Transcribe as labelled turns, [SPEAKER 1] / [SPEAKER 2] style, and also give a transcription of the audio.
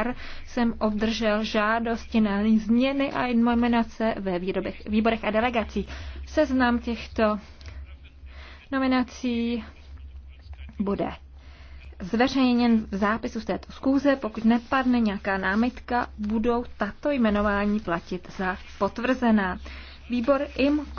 [SPEAKER 1] EKR jsem obdržel žádosti na změny a nominace ve výrobech, výborech a delegacích. Seznam těchto nominací bude zveřejněn v zápisu z této zkůze. Pokud nepadne nějaká námitka, budou tato jmenování platit za potvrzená.
[SPEAKER 2] Výbor IMCO